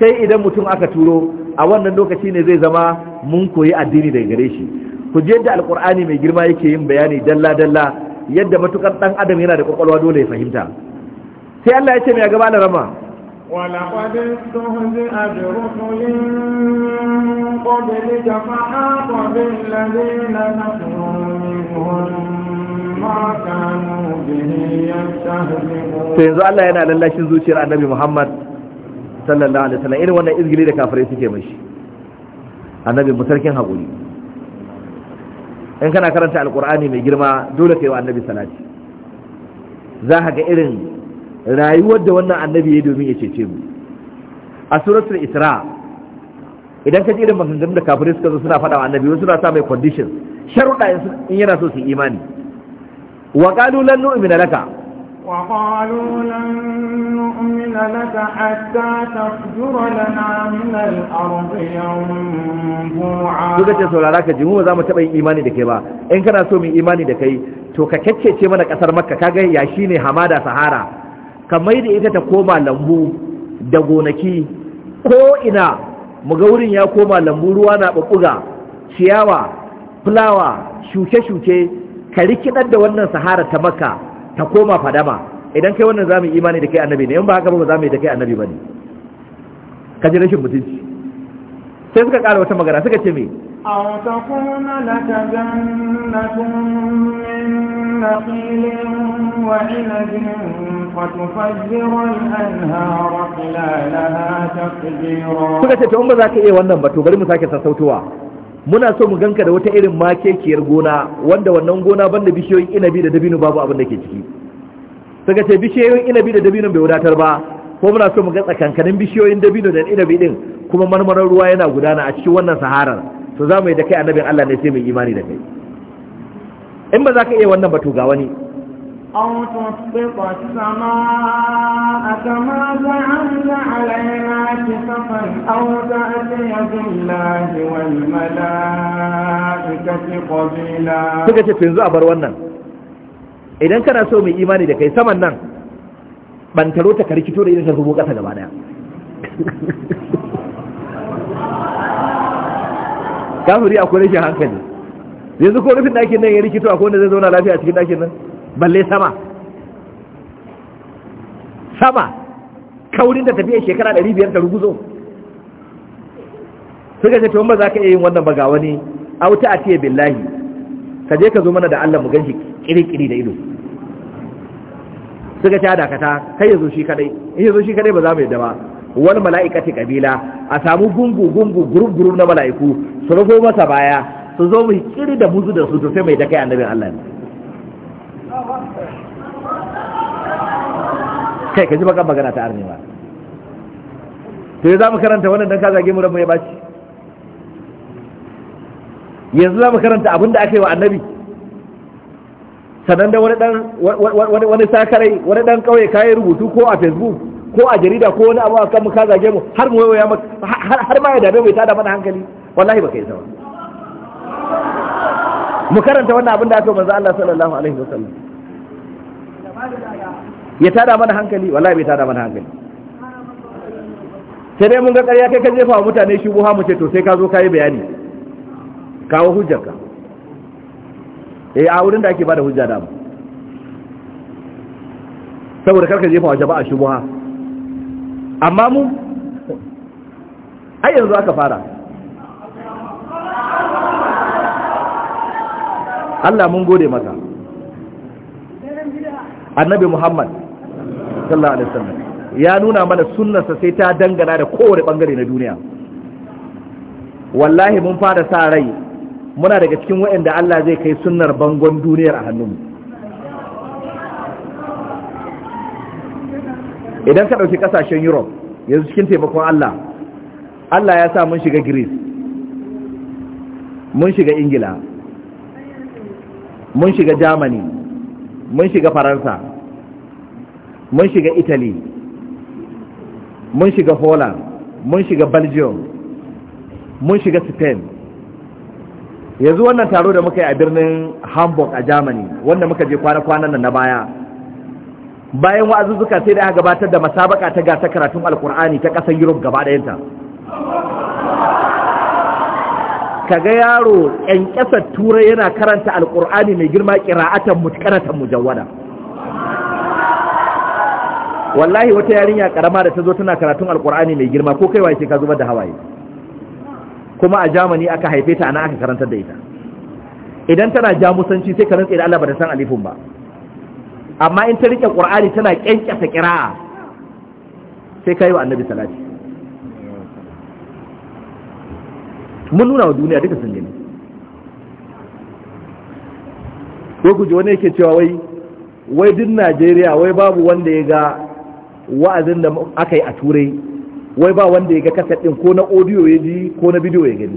A: sai idan mutum aka turo a wannan lokaci ne zai zama mun koyi addini daga gare shi ku je da alkur'ani mai girma yake yin bayani dalla dalla yadda matukar dan adam yana da kwakwalwa dole ya fahimta sai Allah ya ce mai gaba da rama
B: sai yanzu
A: Allah yana lallashin zuciyar annabi Muhammad sallallahu Alaihi wasallam irin wannan izgili da kafirai suke mashi annabi musarkin haƙuri in kana karanta alkur'ani mai girma dole ka yi wa annabi salati za ka ga irin rayuwar da wannan annabi ya domin ya cece mu a suratul isra idan ka ji irin maganganun da kafirai suka zo suna faɗa wa annabi wasu suna sa mai condition sharuɗa in yana so su imani wa qalu lan nu'mina laka
B: وقالوا لن نؤمن لك حتى تفجر لنا من الأرض ينبوعا duka ce
A: saurara ka jimu za mu taɓa yin imani da kai ba in kana so mu imani da kai to ka kyakkece mana ƙasar makka kaga yashi ne hamada sahara ka mai da ita ta koma lambu da gonaki ko ina muga wurin ya koma lambu ruwa na ɓuɓɓuga ciyawa fulawa shuke-shuke ka rikidar da wannan sahara ta makka ta koma fadama idan kai wannan zamu imani da kai annabi ne in ba haka ba za mu yi da kai annabi bane ka ji rashin mutunci sai suka ƙara wata magana suka ce me suka ce ta in ba za ka iya wannan ba to bari mu sake sassautuwa muna so mu ganka da wata irin makekiyar gona wanda wannan gona banda bishiyoyin inabi da dabino babu abin da ke ciki daga ce bishiyoyin inabi da dabino bai wadatar ba ko muna so mu ga tsakankanin bishiyoyin dabino da inabi din kuma marmarar ruwa yana gudana a cikin wannan saharar to za mu yi da kai annabin Allah ne sai mu imani da kai in ba za ka iya wannan ba to ga wani
B: أو تسقط السماء كما زعمت علينا كسفا أو تأتي بالله والملائكة قبيلا تكتب
A: في انزوء بروانا idan kana so mai imani da kai saman nan bantaro ta karkito da idan ta zubo kasa gaba daya kafiri akwai rashin hankali yanzu ko rufin ɗakin nan ya rikito akwai wanda zai zauna lafiya a cikin ɗakin nan balle sama sama kaurin da tafiya shekara 500 ta ruguzo suka ce to ba za ka iya yin wannan bagawa ne wani wuta a fiye billahi ka je ka zo mana da Allah mu ganshi kirikiri da ido suka ce a dakata kai ya zo shi kadai in ya zo shi kadai ba za mu yadda ba mala'ika mala'ikati kabila a samu gungu gungu gurub gurub na mala'iku su rufo masa baya su zo mu kiri da muzu da su to sai mai da kai annabin Allah ne kai ka ji baka magana ta ba, to za mu karanta wannan dan ka zage mu ran mai baci yanzu za mu karanta abinda da aka yi wa annabi sannan da wani dan wani sakarai wani dan kauye yi rubutu ko a facebook ko a jarida ko wani abu akan mu ka zage mu har mu waya har ma ya dame mai tada mana hankali wallahi baka yi zama mu karanta wannan abin da aka yi manzo Allah sallallahu alaihi wasallam ya tada mana hankali wallahi bai tada mana hankali sai dai mun ga ƙarya kai ka jefa wa mutane buha mu ce to sai ka zo ka yi bayani kawo hujjarka eh a wurin da ake bada hujja da mu saboda karka jefa wa jama'a buha amma mu ai yanzu aka fara Allah mun gode maka annabi Muhammad sallallahu alaihi wasallam ya nuna mana sunnarsa sai ta dangana da kowane bangare na duniya wallahi mun fara sa rai muna daga cikin waɗanda Allah zai kai sunnar bangon duniyar a hannunmu idan ka ɗauki ƙasashen europe yanzu cikin taimakon Allah Allah ya sa mun shiga greece mun shiga ingila mun shiga germany mun shiga faransa mun shiga italy mun shiga holland mun shiga belgium mun shiga spain yanzu wannan taro da muka yi a birnin hamburg a germany wanda muka je kwana-kwanan na baya bayan wa'azuzzuka sai da aka gabatar da masabaka ta gasa karatun alkur'ani ta ƙasar europe gaba ɗayanta kaga yaro ƙasar turai yana karanta alkur'ani mai girma ƙira'atan mutkanatan mujawwada wallahi wata yarinya karama da ta zo tana karatun alkur'ani mai girma ko kaiwa ce ka zubar da hawaye kuma a jamani aka haife ta ana aka karantar da ita idan tana jamusanci sai ka rantsa da Allah ba ta san alifin ba amma in ta rike qur'ani tana ta qira'a sai kai wa annabi salati mun nuna wa duniya duka sun gani ko guje wani yake cewa wai wai duk Najeriya wai babu wanda ya ga wa'azin da aka yi a turai wai ba wanda ya ga kasar ko na audio ya ji ko na bidiyo ya gani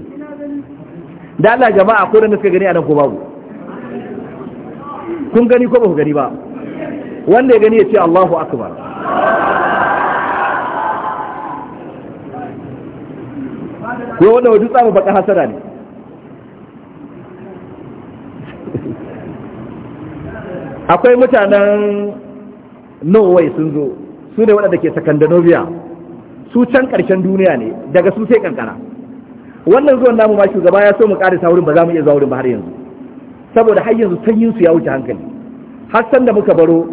A: da Allah jama'a ko da suka gani a nan ko babu kun gani ko ba ku gani ba wanda ya gani ya ce Allahu akbar ko wanda wajen tsamu baka hasara ne akwai mutanen norway sun zo su ne waɗanda ke sakandanoviya su can ƙarshen duniya ne daga su sai kankara wannan zuwan namu ma shugaba ya so mu ƙarisa wurin ba za mu iya zuwa wurin ba har yanzu saboda har yanzu sanyin su ya wuce hankali har san da muka baro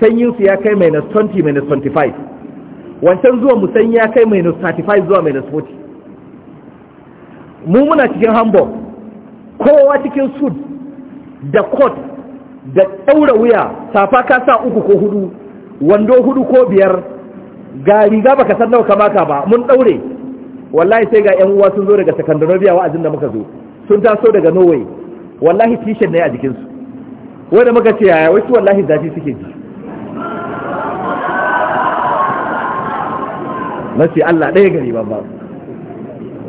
A: sanyin su ya kai minus 20 minus 25 wancan zuwan mu sanyi ya kai minus 35 zuwa minus 40 mu muna cikin hamburg kowa cikin sud da court da ɗaura wuya safa ka sa uku ko hudu wando hudu ko biyar ga riga baka san nawa kamata ba mun daure wallahi sai ga yan uwa sun zo daga Scandinavia wa'azin da muka zo sun taso daga Norway wallahi t-shirt ne a jikin su da muka ce yaya su wallahi zafi suke ji na ce Allah ɗaya gari ba ba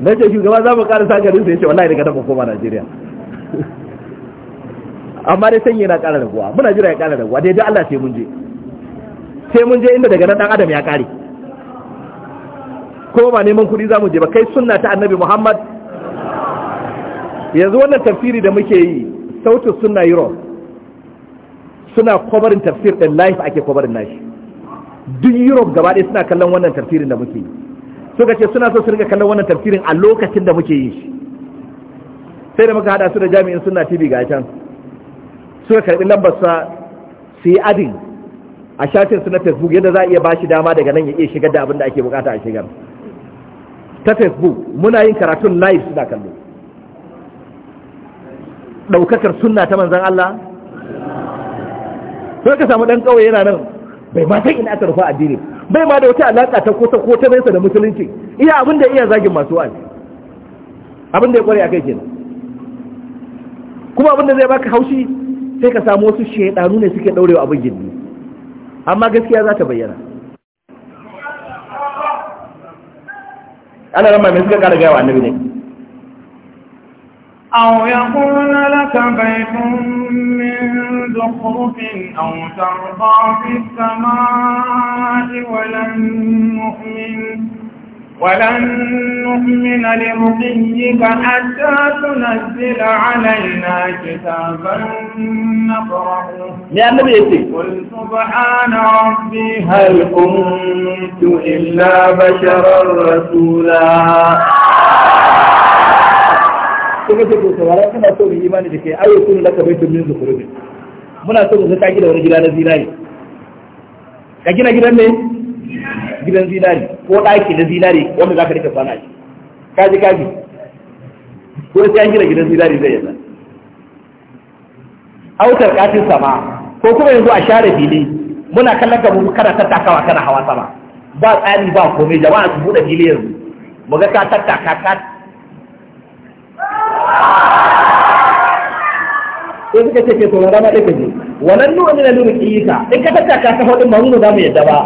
A: na ce shugaba za mu sa garin sai ya ce wallahi daga taɓa koma Najeriya amma dai sanyi na ƙara raguwa muna jira ya ƙara raguwa dai dai Allah sai mun je sai mun je inda daga nan dan adam ya kare ko ba neman kudi za mu je ba kai sunna ta annabi muhammad yanzu wannan tafsiri da muke yi sautin sunna europe suna kwabarin tafsir ɗin life ake kwabarin nashi duk europe gaba ɗaya suna kallon wannan tafsirin da muke yi suka ce suna so su rika kallon wannan tafsirin a lokacin da muke yi shi sai da muka hada su da jami'in sunna tv ga can suka karɓi sa su yi adin a shafin su na facebook yadda za a iya bashi dama daga nan ya iya shigar da abin da ake bukata a shigar ta facebook muna yin karatun live suna kallo daukakar sunna ta manzan Allah sai ka samu dan kawai yana nan bai ma ta ina tarfa addini bai ma da wata alaka ta kota ko ta nesa da musulunci iya abin da iya zagin masu wa'azi abin da ya kware kai kenan kuma abin da zai baka haushi sai ka samu wasu shedanu ne suke daurewa abin gindi amma gaskiya za ta bayyana ana ramar mai suka kara gaya wa annabi ne
B: أو يكون لك بيت من زخرف أو ترضى في السماء ولن نؤمن ولن نؤمن لرقيك حتى تنزل تنزل علينا كتابا نقرأه يا
C: النبي يتي قل سبحان ربي هل كنت إلا بشرا
A: رسولا kuma ce ko saurara kuna so mu imani da kai ayo muna so mu ta gida wani gida na zinari ka gina gidan ne gidan zinari ko ɗaki na zinari wanda zaka rika shi kaji kaji ko sai an gina gidan zinari zai yanzu autar katin sama ko kuma yanzu a share fili muna kallon ga kana tattakawa kana hawa sama ba tsari ba komai jama'a su bude fili yanzu mu ga ka tattaka ka sai suka ce ke saurara ma ɗaya ne wannan nuna nuna nuna ƙiyika in ka tattaka ka faɗin ma nuna za mu yadda ba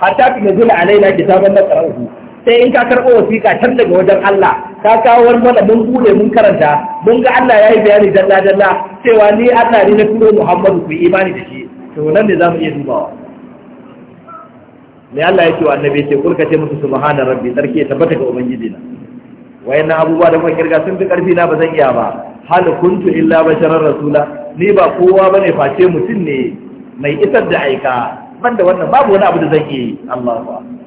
A: hatta fi na zula alaina kitaban na ƙararru sai in ka karɓo wasiƙa can daga wajen Allah ka kawo wani mana mun bude mun karanta mun ga Allah ya yi bayani dalla dalla cewa ni Allah ne na turo Muhammadu ku imani da shi to nan ne za mu iya dubawa ne Allah ya ce wa annabi ce kulka ce musu subhana rabbi sarki tabbata ga ubangiji na wayannan abubuwa da kuma kirga sun fi karfi na ba zan iya ba hal kuntu illa basharar rasula ni ba kowa bane face mutum ne mai isar da aika banda wannan babu wani abu da zan iya yi Allahu akbar